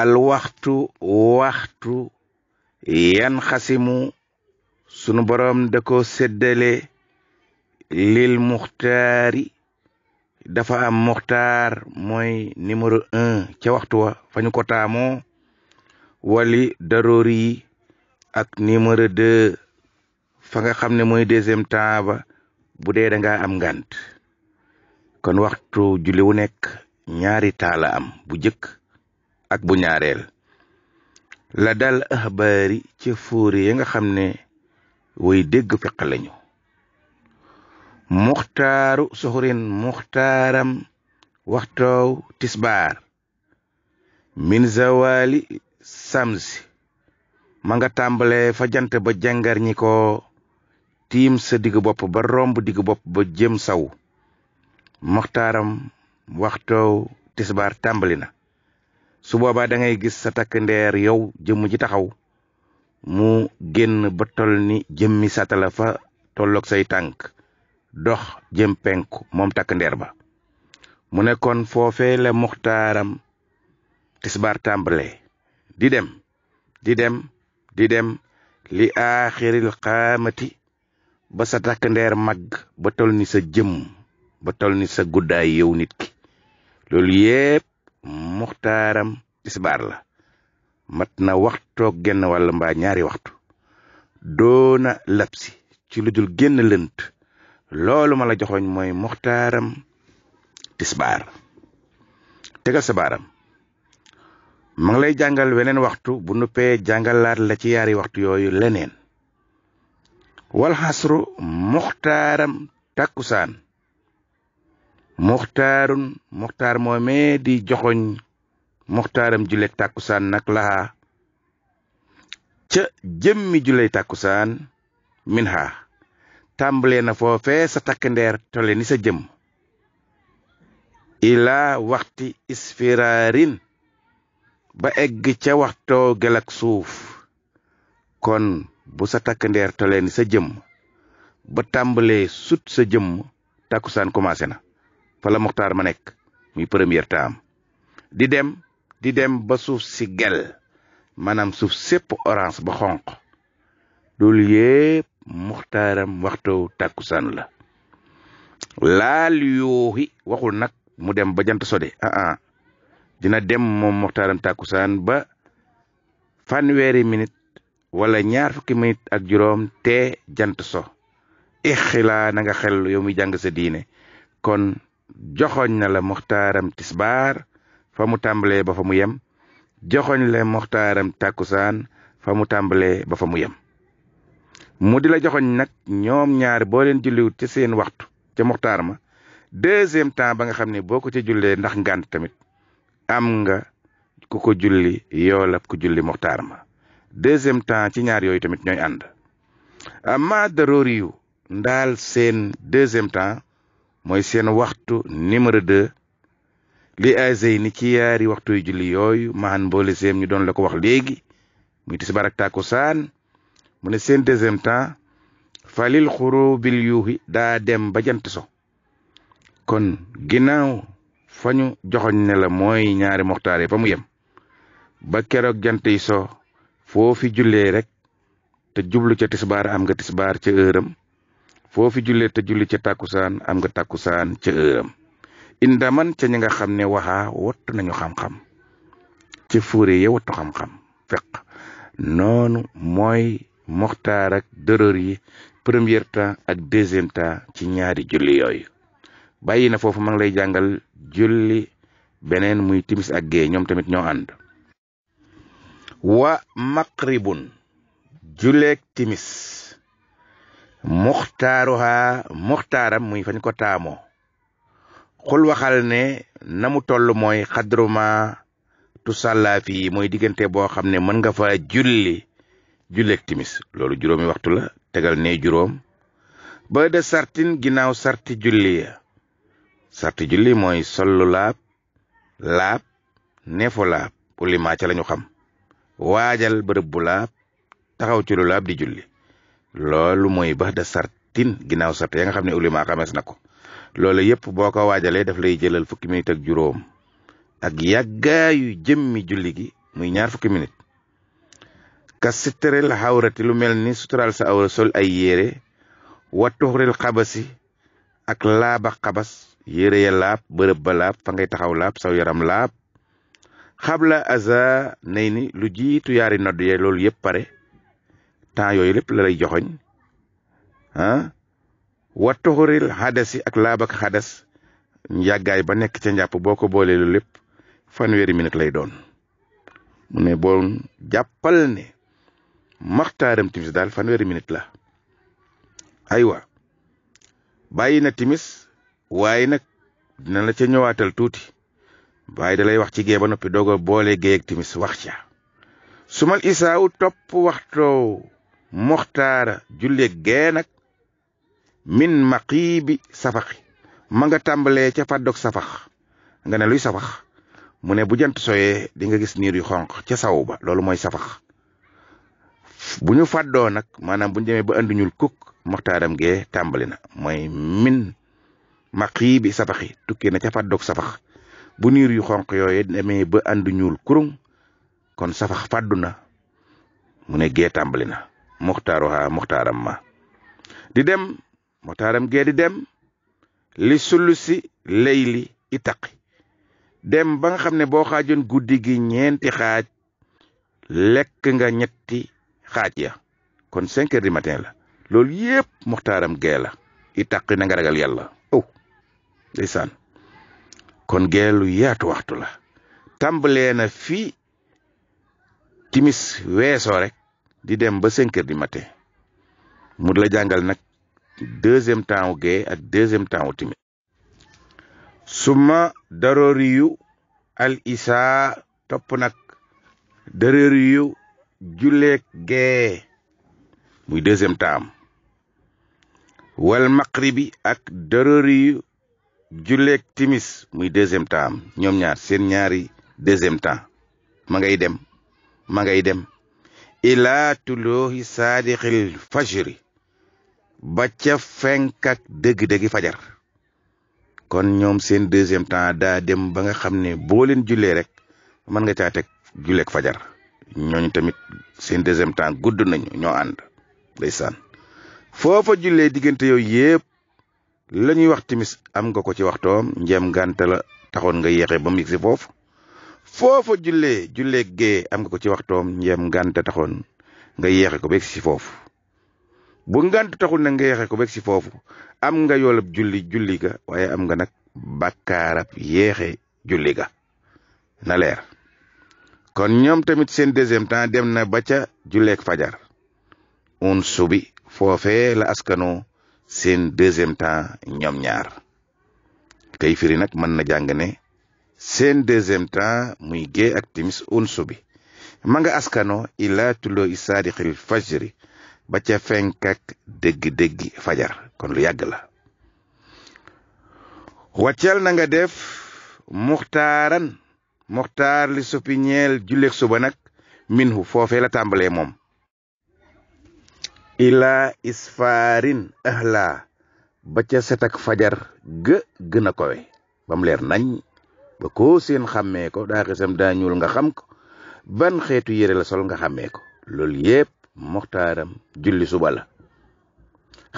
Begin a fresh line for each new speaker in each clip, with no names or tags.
alwaxtu waxtu yan xasimu sunu boroom da ko séddale lil muxtaari dafa am muxtaar mooy numéro un ca waxtu wa fa ñu ko taamoo wali daroori yi ak numéro deux fa nga xam ne mooy deuxième temps bu dee da am ngànt kon waxtu julli wu nekk ñaari taala am bu jëkk ak bu ñaareel la dal axbaari ca fóore ya nga xam ne way dégg fiq lañu muxtaaru suxrin muxtaaram waxtoow tisbaar min zawali samsi ma nga tàmbale fa jant ba jàngar ñi ko tiim sa diggu bopp ba romb diggu bopp ba jëm saw muxtaaram waxtoow tisbaar tàmbali na su boobaa dangay gis sa takk ndeer yow jëmm ji taxaw mu génn ba toll ni jëmmi satala fa tolloog say tànk dox jëm penku moom takk ndeer ba mu nekkoon foofee la muxtaaram tisbaar tàmbale di dem di dem di dem li aaxiril xaamati ba sa takk ndeer màgg ba toll ni sa jëmm ba toll ni sa guddaay yow nit ki loolu yépp muxtaaram tisbaar la mat na waxtoog genn wàll mba ñaari waxtu doona labsi ci lu genn lënt loolu mala la joxoñ mooy muxtaaram tisbaar tegal sa baaram ma ngi lay jàngal weneen waxtu bu nuppee jàngalaat la ci yaari waxtu yooyu leneen wal xasru muxtaaram muxtaarun muxtaar moomee di joxoñ muxtaaram julleeg tàkkusaan nag laxaa ca jëmmi julley tàkkusaan min tàmbalee na foofee sa takkandeer tole ni sa jëm ilaa waxti isfiraarin ba egg ca waxtoo gelak suuf kon bu sa takkandeer tole ni sa jëmm ba tàmbalee sut sa jëmm tàkkusaan commencé na fa la Muxtaar ma nekk muy première taam di dem di dem ba suuf si gel maanaam suuf sépp orange ba xonq loolu yépp muxtaaram waxtu tàkkusaan la laal yooxi waxul nag mu dem ba jant sode aa ah, ah. dina dem moom muxtaaram tàkkusaan ba fanweeri minit wala ñaar fukki minute ak juróom te jant so ixilaa na nga xel yow mi jàng sa diine kon joxoñ na la muxtaaram tisbaar fa mu tàmbalee ba fa mu yem joxoñ la muxtaaram tàkkusaan fa mu tàmbalee ba fa mu yem mu di la joxoñ nag ñoom ñaar boo leen julliwut ca seen waxtu ca muxtaar ma deuxième temps ba nga xam ni boo ko ci jullee ndax ngànt tamit am nga ku ko julli yoolab ku julli muxtaar ma deuxième temps ci ñaar yooyu tamit ñooy ànd ama daroori ndaal seen deuxième temps mooy seen waxtu numéro deux li asey ni ci yaari waxtu yu julli yooyu maxan mboole seem ñu doon la ko wax léegi muy tisbaar ak takkusaan mu ne seen deuxième temps falil xurubil yuuxi daa dem ba jant so kon ginnaaw fa ñu joxoñ ne la mooy ñaari moxtaare fa mu yem ba keroog jant so foofi jullee rek te jublu ca tisbaar am nga tisbaar ca ëram foo fi jullee te julli ca tàkkusaan am nga tàkkusaan ca ëram indaman ca ñi nga xam ne waxa wattu nañu xam-xam ca fóore ya wattu xam-xam fekk noonu mooy moxtaar dërër yi premier temps ak deuxième temps ci ñaari julli yooyu bàyyi na foofu ma lay jàngal julli beneen muy timis ak gée ñoom tamit ñoo ànd wa maqribun julleek timis muxtaaruha muxtaaram muy fañ ko taamoo xul waxal ne na mu toll mooy xadruma tusalla fii mooy diggante boo xam ne mën nga fa julli julleeg timis loolu juróomi waxtu la tegal ne juróom ba de sartin ginnaaw sarti julli ya sarti mooy sollu laab laab neefu laab ulimaaca lañu xam waajal bërëb bu laab taxaw ci lu laab di julli loolu mooy ba da sartin ginnaaw sart ya nga xam ne ulima xamees na ko loolu yëpp boo ko waajalee daf lay jëlal fukki minute ak juróom ak yàggaayu jëmmi julli gi muy ñaar fukki minute ka sitaril xawrati lu mel ni sutural sa awra sol ay yére wa xabasi ak laaba xabas yére ya laab bërëb ba laab fa ngay taxaw laab saw yaram laab xabla aza nay lu jiitu yaari nodd ye loolu yëpp pare temps yooyu lépp la lay joxoñ ah wa toxuril ak laab ak xadas ba nekk ca njàpp boo ko boolee lu lépp fanweeri minute lay doon mu ne boon jàppal ne maxtaaram timis daal fanweeri minute la aywa bàyyi na timis waaye nag dina la ca ñëwaatal tuuti bàyyi dalay wax ci gee ba noppi doog a boole gee ak timis wax ca sumal isaaw topp waxtoo moxtaara julle gee nag min maqii bi safaxi ma nga tàmbalee ca fàddoog safax nga ne luy safax mu ne bu jant soyee di nga gis niir yu xonq ca saw loolu mooy safax bu ñu fàddoo nag maanaam bu ñu ba andi ñuul kuk moxtaaram gee tàmbali na mooy min maqii bi safaxi tukki na ca fàddoog safax bu niir yu xonq yooyu demee ba andi ñuul kurum kon safax fàddu na mu ne gee tàmbali na muxtaaruha muxtaaram ma di dem muxtaaram gee di dem li sulusi layli itaqi dem ba nga xam ne boo xaajoon guddi gi ñeenti xaaj lekk nga ñetti xaaj ya kon cinq heures matin la loolu yépp muxtaaram gee la taq na nga ragal yàlla oh ndeysaan kon gee lu yaatu waxtu la tàmbalee na fii timis weesoo rek di dem ba cinq heures du mu la jàngal nag deuxième temps wu gee ak deuxième temps wu timis suma daroriyu al isaa topp nag daroriyu julleeg gee muy deuxième temps am wal maqribi ak daroriyu julleeg timis muy deuxième temps am ñoom ñaar seen ñaari deuxième temps ma ngay dem ma ngay dem ilaa tulooxi saadixil fajri ba ca fenk ak fajar kon ñoom seen deuxième temps daa dem ba nga xam ne boo leen jullee rek mën nga caa teg julleeg fajar ñooñu tamit seen deuxième temps gudd nañu ñoo ànd ndeysaan foofa jullee diggante yow yépp la ñuy wax timis am nga ko ci waxtoom njem gànta la taxoon nga yeexee ba mu yegsi foofa jullee jullee gee am nga ko ci waxtoom njëm ngànt taxoon nga yeexe ko beeg si foofu bu ngànt taxul na nga yeexe ko beeg si foofu am nga yoolab julli julli ga waaye am nga nag bakkaarab yeexe julli ga kon ñoom tamit seen deuxième temps dem na ba ca julleeg fajar un subi foofe la askano seen deuxième temps ñoom ñaar kay firi nag mën na jàng ne seen deuxième temps muy Gaye ak Timis unsu bi ma askano ilaa tulloo i saadixil fajri ba ca fenk ak fajar kon lu yàgg la wàcceel na nga def muxtaaran muxtaar li suppi ñeel julleeg suba nag min foofee la tàmbalee moom ilaa isfaarin ahla ba ca set fajar gë gën kowe bam leer nañ ba koo seen xàmmee ko daa xisam daa ñuul nga xam ko ban xeetu yére la sol nga xàmmee lool loolu yépp moxtaaram julli suba la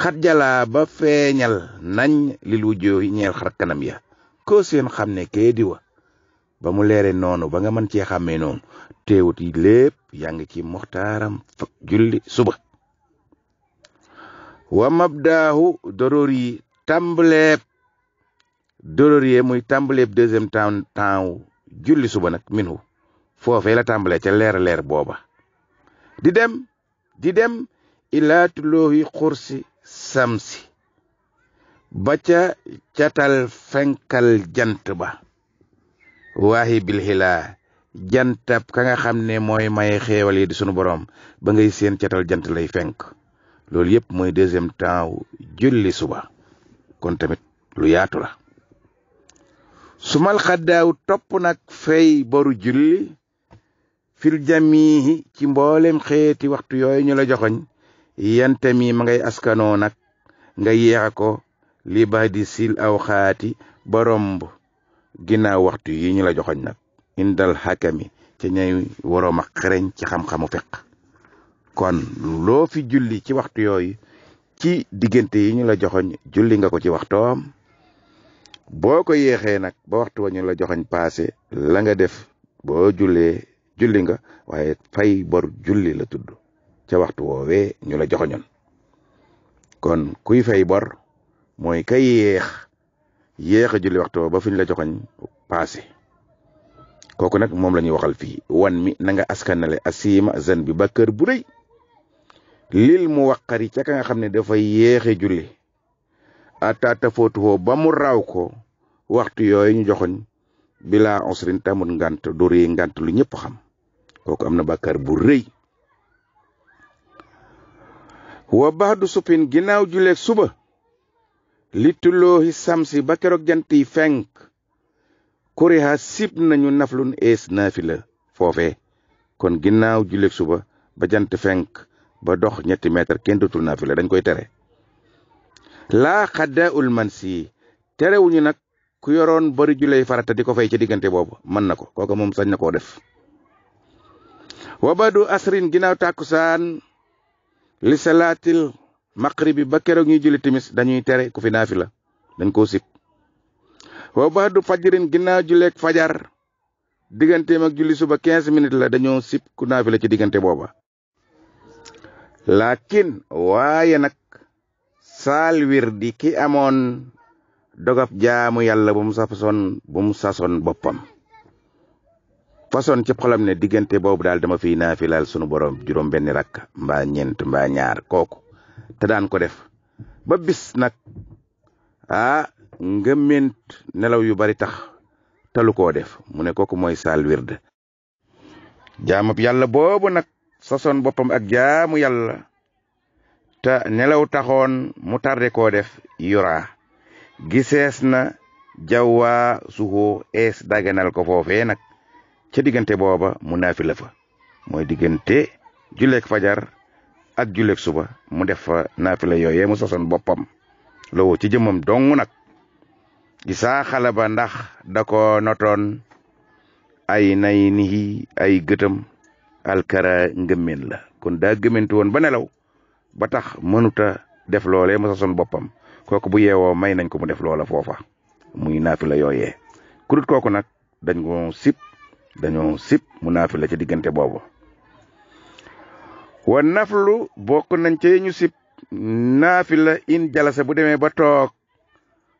xat jalaa ba feeñal nañ lil wujjoo yi ñeel xar kanam ya ko seen xam ne kee di wa ba mu leere noonu ba nga mën cee xàmmee noonu teewut yi lépp yaa ci moxtaaram fak julli suba wa mabdaahu doroor yi tàmbaleeb Delorier muy tàmbaleeb deuxième temps temps julli suba nag minhu foofee la tàmbalee ca leer leer booba di dem di dem ilaa tuloohi xursi samsi ba ca catal fenkal jant ba waahi bilxilaa jantab ka nga xam ne mooy maye xeewal yi di sunu boroom ba ngay seen catal jant lay fenk loolu yépp mooy deuxième temps julli suba kon tamit lu yaatu la sumal xaddaaw topp nag fay boru julli fil jamiihi ci mboolem xeeti waxtu yooyu ñu la joxoñ yanta mi ma ngay askanoo nag nga yeexa ko li ba di sil aw xaati boromb ginnaaw waxtu yi ñu la joxoñ nag indal xakami ca ñay waroom a xereñ ci xam-xamu fiq kon loo fi julli ci waxtu yooyu ci diggante yi ñu la joxoñ julli nga ko ci waxtoom boo ko yéexee nag ba waxtu wa ñu la joxañ passé la nga def boo jullee julli nga waaye fay bor julli la tudd ca waxtu we ñu la joxoñoon kon kuy fay bor mooy ka yéex yéex a julli waxtu ba fi la joxoñ passé kooku nag moom la ñuy waxal fii wan mi na nga askanale asima zen bi ba kër bu rëy lil mu waqari ca nga xam ne dafa yéexe julli ata tafootuhoo ba mu raw ko waxtu yooyu ñu joxoñ bilaa onsrin tamut ngant du rëy ngant lu ñëpp xam kooku am na bàkkaar bu rëy wa baax du suppin ginnaaw juleeg suba li tulloohi samsi ba keroog jant yi fenk kuriha sib nañu naflun ees naafila foofe kon ginnaaw juleeg suba ba jant fenk ba dox ñetti mètre kenn dutul naafila dañ koy tere laa xadda ul man sii terewuñu nag ku yoroon bari juley farata di ko fay ci diggante boobu mën na ko kooka moom sañ na koo def wabadu asrin ginnaaw tàkkusaan li salaatil maqribi ba keroog ñu julli timis dañuy tere ku fi naafila dañ koo sib wabadu fajirin ginnaaw julleeg fajar diggante ak julli suba 15 minutes la dañoo sib ku naafila ci diggante booba laakin waaye nag saal wirdi ki amoon dogab jaamu yàlla bu mu sason bu mu sason boppam façon ci xolam ne diggante boobu daal dama fiy naafilaal sunu borom juróom benni rakk mbaa ñeent mbaa ñaar kooku te daan ko def ba bis nag ah ngëmment nelaw yu bari tax talu koo def mu ne kooku mooy saal wirde jaamab boobu nag sason boppam ak jaamu yàlla te nelaw taxoon mu tarde koo def yuraa gisees na jawwaa suhoo ees daganal ko foofee nag ca diggante booba mu naafi la fa mooy diggante julek fajar ak julleeg suba mu def fa naafila yooyee mu sosoon boppam lowo ci jëmmam dong nag gisaa xale ndax da ko notoon ay nay nihi ay gëtam alkara ngëmmen la kon daa gëmante woon ba nelaw ba tax mënuta def loole mu boppam kooku bu yeewoo may nañ ko mu def loola foofa muy naafi la yooyee kurut kooku nag dañ ko sip dañoo sip mu naafi la ci diggante boobu wa naflu bokk nañ ca ñu sip naafi la in jalasa bu demee ba toog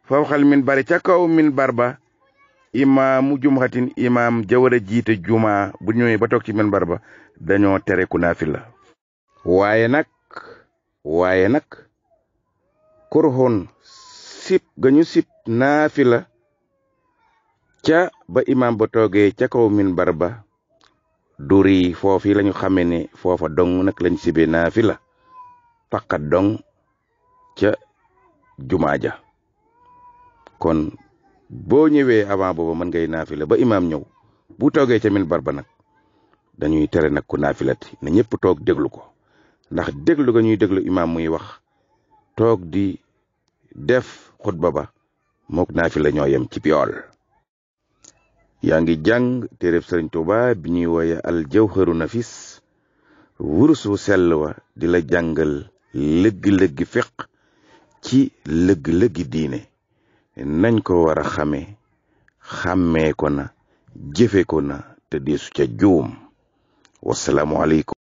foofu xal min bari ca kaw min barba imaamu jumxatin imaam jawar a jiite juma bu ñëwee ba toog ci min barba dañoo tere ku naafi waaye nag waaye nag kurhun sip ga ñu sip naafila ca ba imaam ba toogee ca kaw minbar ba duri foofi lañu xame ni foofa dong nag lañ sibe naafila faqat dong ca jumaa ja kon boo ñëwee avant booba mën ngay naafila ba imaam ñëw bu toogee ca minbar ba nag dañuy tere nag ku naafilati na ñëpp toog déglu ko ndax déglu ga ñuy déglu imaam muy wax toog di def xutba ba mook naafila lañoo yem ci yool yaa ngi jàng téereb sëriñ Tuuba bi ñuy wooye al jawharu nafis wurus wu sell wa di la jàngal lëgg-lëggi fiq ci lëgg-lëggi diine nañ ko war a xame xàmmee ko na jëfe ko na te deesu ca juum wasalaamu aleykum